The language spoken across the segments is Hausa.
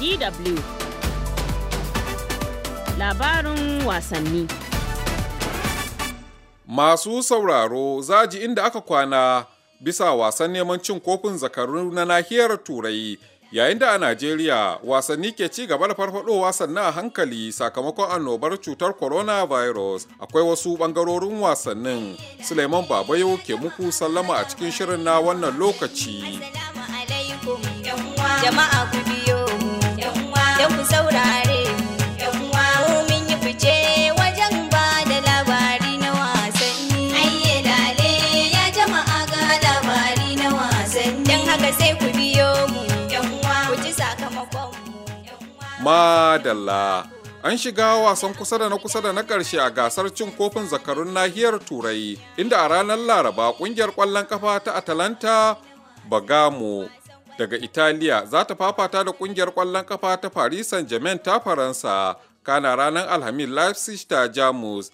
DW Labarin wasanni Masu sauraro zaji inda aka kwana bisa wasan neman cin kofin zakaru na nahiyar Turai yayin da a Najeriya wasanni ke ci gaba da farfadowa sannan a hankali sakamakon annobar cutar coronavirus akwai wasu bangarorin wasannin Suleiman Babayo ke muku sallama a cikin shirin na wannan lokaci. Jama'a Madalla. An shiga wasan kusa da na kusa da na ƙarshe a gasar cin kofin zakarun nahiyar Turai, inda a ranar Laraba ƙungiyar ƙwallon kafa ta Atalanta Bagamo daga Italiya za ta fafata da ƙungiyar ƙwallon kafa ta Paris Saint-Germain ta Faransa, kana ranar Alhamis Leipzig ta Jamus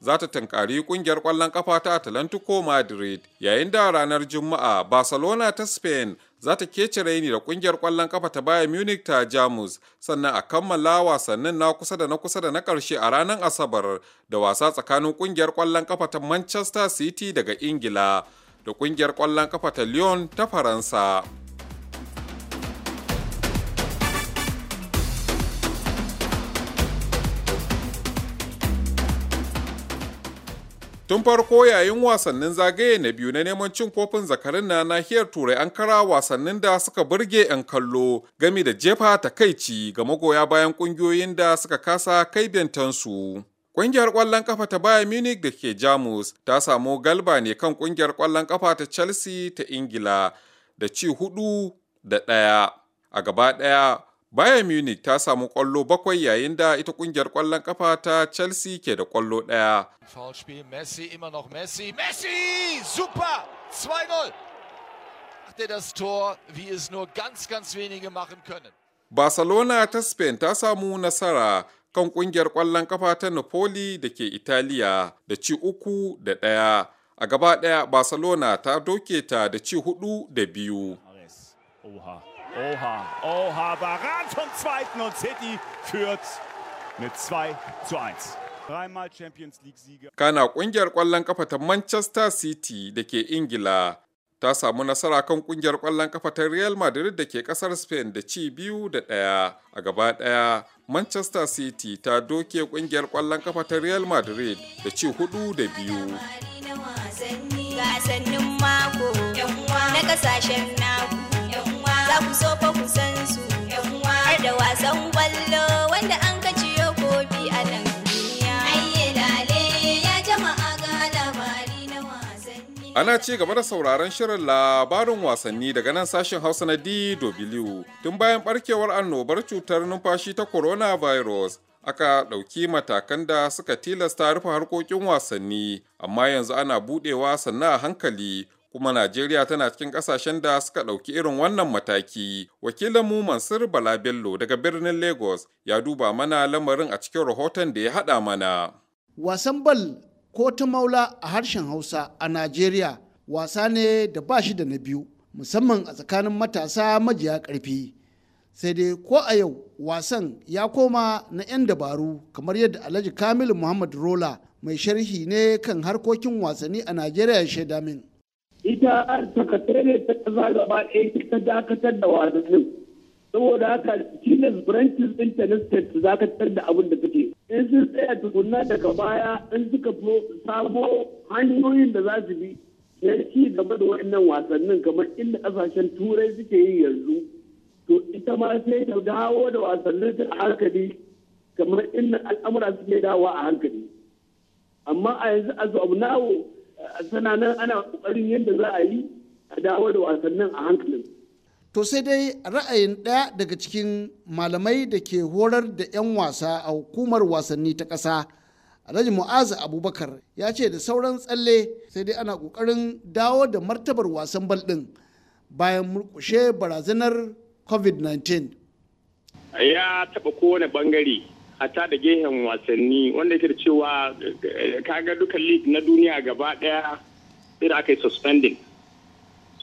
za ta tankari kungiyar kwallon kafa ta Atlantico Madrid yayin da ranar Juma'a Barcelona ta Spain za ta kece raini da kungiyar kwallon kafa ta Bayern Munich ta Jamus sannan a kammala wasannin na kusa da na kusa da na karshe a ranar Asabar da wasa tsakanin kungiyar kwallon kafa ta Manchester City daga Ingila da kungiyar kwallon kafa ta Lyon ta Faransa. tun farko yayin wasannin zagaye na biyu na neman cin kofin zakarin na nahiyar turai ankara wasannin da suka burge 'yan kallo gami da jefa takaici ga magoya bayan kungiyoyin da suka kasa kai bentansu Ƙungiyar ƙwallon ƙafa ta Bayern Munich da ke Jamus ta samu galba ne kan ƙungiyar kwallon ƙafa ta Chelsea ta Ingila da ci hudu da ɗaya. A gaba ɗaya Bayern Munich ta samu kwallo bakwai yayin da ita kungiyar kwallon kafa ta Chelsea ke da kwallo ɗaya. Messi immer noch Messi. Messi! Super! 2-0. das Tor, wie es nur ganz ganz wenige machen können. Barcelona ta Spain ta samu nasara kan kungiyar kwallon kafa ta Napoli da ke Italiya da ci uku da ɗaya. A gaba ɗaya Barcelona ta doke ta da ci hudu da biyu. Oha, oha, oha, Baran zum Zweiten und City führt mit 2 zu 1. Dreimal Champions League-Sieger. Kana kungiyar ƙwallon kafa ta Manchester City da ke Ingila ta samu nasara kan kungiyar ƙwallon kafa ta Real Madrid da ke ƙasar Spain da ci biyu da ɗaya a gaba ɗaya. Manchester City ta doke kungiyar ƙwallon kafa ta Real Madrid da ci hudu da biyu. Gasannin mako na kasashen naku. so fa ku san su har da wasan kwallo wanda an ka ciyo kofi a nan duniya lale ya jama'a ga labari na wasanni ana ci gaba da sauraron shirin labarin wasanni daga nan sashen hausa na dw tun bayan barkewar annobar cutar numfashi ta coronavirus aka ɗauki matakan da suka tilasta rufe harkokin wasanni amma yanzu ana buɗewa sannan a hankali kuma Najeriya tana cikin kasashen da suka ɗauki irin wannan mataki. mu Mansur Bala Bello daga birnin Lagos ya duba mana lamarin a cikin rahoton da ya haɗa mana. Wasan bal ko ta maula a harshen Hausa a Najeriya wasa ne da ba shi da na biyu musamman a tsakanin matasa majiya ƙarfi. Sai dai ko a yau wasan ya koma na 'yan dabaru kamar yadda Alhaji kamilu Muhammad Rola mai sharhi ne kan harkokin wasanni a Najeriya ya shaida min. ita sakatare ta kasa gaba ɗaya ta dakatar da wasannin saboda haka cikin branches din ta dakatar da abin da take in sun tsaya tukunna daga baya in suka fi sabo hanyoyin da za su bi na ci gaba da waɗannan wasannin kamar inda kasashen turai suke yi yanzu to ita ma sai ta dawo da wasannin ta hankali kamar inda al'amura suke dawa a hankali amma a yanzu a zuwa tana nan ana kokarin yadda za a yi a dawo da wasannin a hankalin to sai dai ra'ayin ɗaya daga cikin malamai da ke horar da 'yan wasa a hukumar wasanni ta ƙasa alhaji mu'azu abubakar ya ce da sauran tsalle sai dai ana ƙoƙarin dawo da martabar wasan bal ɗin bayan murƙushe barazanar covid-19 ya taɓa kowane ɓangare hatta da gehen wasanni wanda yake da cewa kaga duka league na duniya gaba daya sai aka yi suspending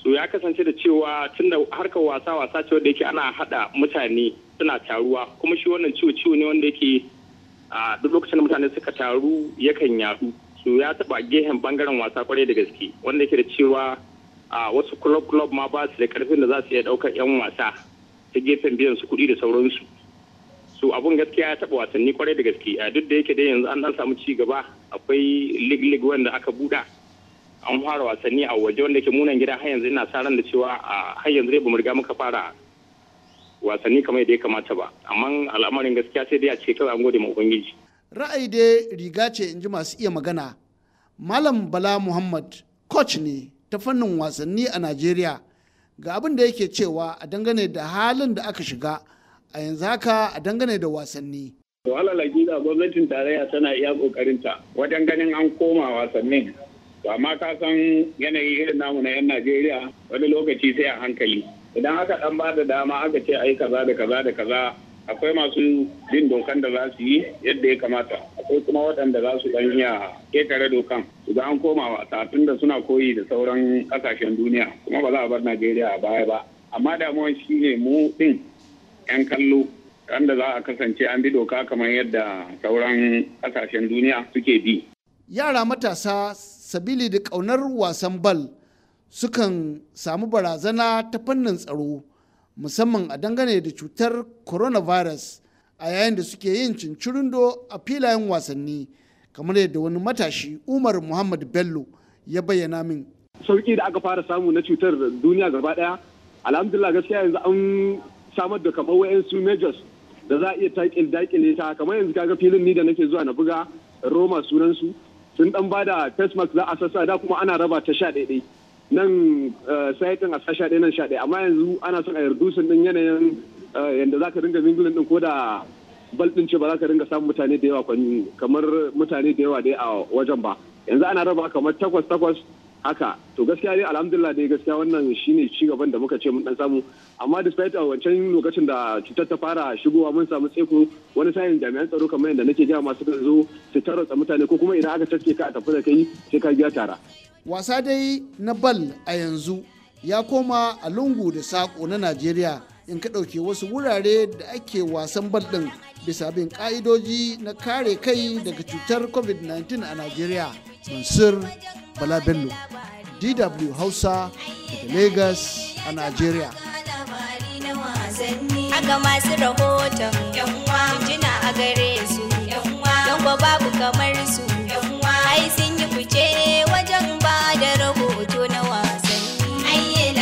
so ya kasance da cewa tunda harkar wasa wasa ce wanda yake ana hada mutane suna taruwa kuma shi wannan ciwo ciwo ne wanda yake a duk lokacin da mutane suka taru yakan yadu so ya taba gehen bangaren wasa kwarai da gaske wanda yake da cewa a wasu club club ma ba su da karfin da za su iya daukar yan wasa ta gefen biyan su kuɗi da sauransu so abun gaskiya ya taba wasanni kwarai da gaske duk da yake dai yanzu an dan samu ci gaba akwai lig lig wanda aka buɗa an fara wasanni a waje wanda ke munan gida har yanzu ina sa ran da cewa har yanzu dai bamu riga muka fara wasanni kamar yadda ya kamata ba amma al'amarin gaskiya sai dai a ce kawai an gode ma ubangiji ra'ayi dai riga ce in ji masu iya magana malam bala muhammad coach ne ta fannin wasanni a najeriya ga abin da yake cewa a dangane da halin da aka shiga a yanzu haka a dangane da wasanni. To alalaki da gwamnatin tarayya tana iya kokarin ta wajen ganin an koma wasannin. To amma ka san yanayi irin namu na 'yan Najeriya wani lokaci sai a hankali. Idan aka dan ba da dama aka ce yi kaza da kaza da kaza akwai masu bin dokan da za su yi yadda ya kamata akwai kuma waɗanda za su ɗan iya ƙetare dokan su ga an koma wasa da suna koyi da sauran ƙasashen duniya kuma ba za a bar Najeriya a baya ba amma damuwar shi ne mu ɗin 'yan kallo wanda za a kasance an bi doka kamar yadda sauran kasashen duniya suke bi. Yara matasa sabili da ƙaunar wasan bal sukan samu barazana ta fannin tsaro musamman a dangane da cutar coronavirus a yayin da suke yin cincirindo a filayen wasanni kamar yadda wani matashi Umar Muhammad Bello ya bayyana min. Sauki da aka fara samu na cutar duniya gaba daya alhamdulillah gaskiya yanzu an samar da kamar wayan su majors da za a iya taƙil daƙile ta kamar yanzu kaga filin ni da nake zuwa na buga roma sunansu sun dan bada face mask za a sassa da kuma ana raba ta sha ɗaiɗai nan eh, sayatin a sha ɗaya nan sha ɗaya amma yanzu ana son a yardusun din yanayin eh, yanda za ka ringa mingulin din ko da bal din ce ba za ka ringa samun mutane da yawa kamar mutane da yawa dai a wajen ba yanzu ana raba kamar takwas takwas haka to gaskiya dai alhamdulillah dai gaskiya wannan shine ci gaban da muka ce mun dan samu amma despite a wancan lokacin da cutar ta fara shigowa mun samu tseko wani sayin jami'an tsaro kamar yadda nake jama masu zo su tarotsa mutane ko kuma idan aka taske ka a tafi da kai sai ka biya tara wasa dai na bal a yanzu ya koma a lungu da sako na Najeriya in ka dauke wasu wurare da ake wasan bal din bisa bin ka'idoji na kare kai daga cutar covid-19 a Najeriya. mansur bala bello dw hausa daga lagos a nigeria haka masu rahoton jina a gare su don ba babu kamar su ai sun yi fice wajen ba da rahoto na wasanni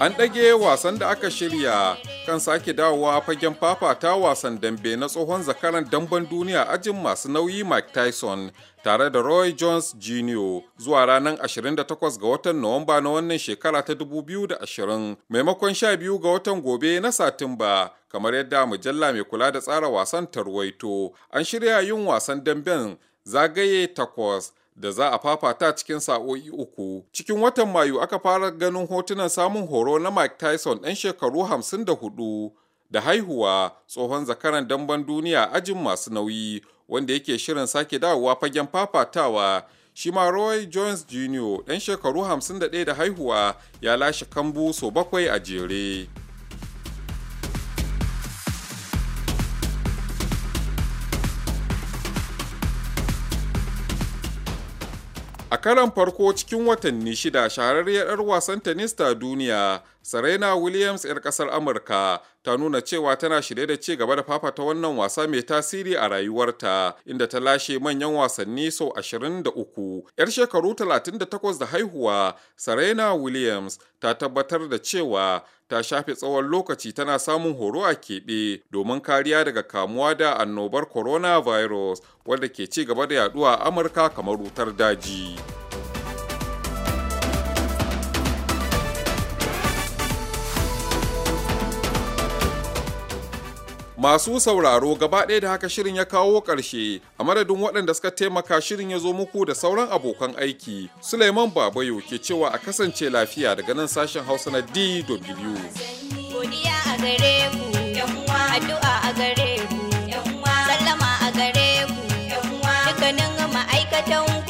an ɗage wasan da aka shirya kan sake dawowa fagen fafata wasan dambe na tsohon zakaran damben duniya ajin masu nauyi Mike Tyson tare da Roy Jones Jr. zuwa ranar 28 ga watan Nuwamba na wannan shekara ta 2020 maimakon 12 ga watan gobe na Satumba kamar yadda mujalla mai kula da tsara wasan tarwaito an shirya yin wasan damben zagaye takwas da za a fafata cikin sa'o'i uku. Cikin watan Mayu aka fara ganin hotunan samun horo na Mike Tyson ɗan shekaru hamsin da hudu da haihuwa tsohon zakaran damben duniya ajin masu nauyi wanda yake shirin sake dawowa fagen fafatawa. Shi ma Roy Jones Jr. ɗan shekaru 51 da haihuwa ya lashe kambu so bakwai a jere. karan farko cikin watanni shida shahararriyar 'yar wasan tennis ta duniya serena williams 'yar kasar amurka ta nuna cewa tana shirye da ci gaba da fafata wannan wasa mai tasiri a rayuwarta inda ta lashe manyan wasanni sau ashirin da uku, 'yar shekaru 38 da haihuwa serena williams ta tabbatar da cewa ta shafe tsawon lokaci tana samun horo a keɓe domin kariya daga kamuwa da annobar coronavirus wadda ke ci gaba da yaduwa a amurka kamar wutar daji. Masu sauraro gaba ɗaya da haka shirin ya kawo ƙarshe a madadin waɗanda suka taimaka shirin ya zo muku da sauran abokan aiki. Suleiman Babayo ke cewa a kasance lafiya daga nan sashen Hausa na DW. a ma'aikatan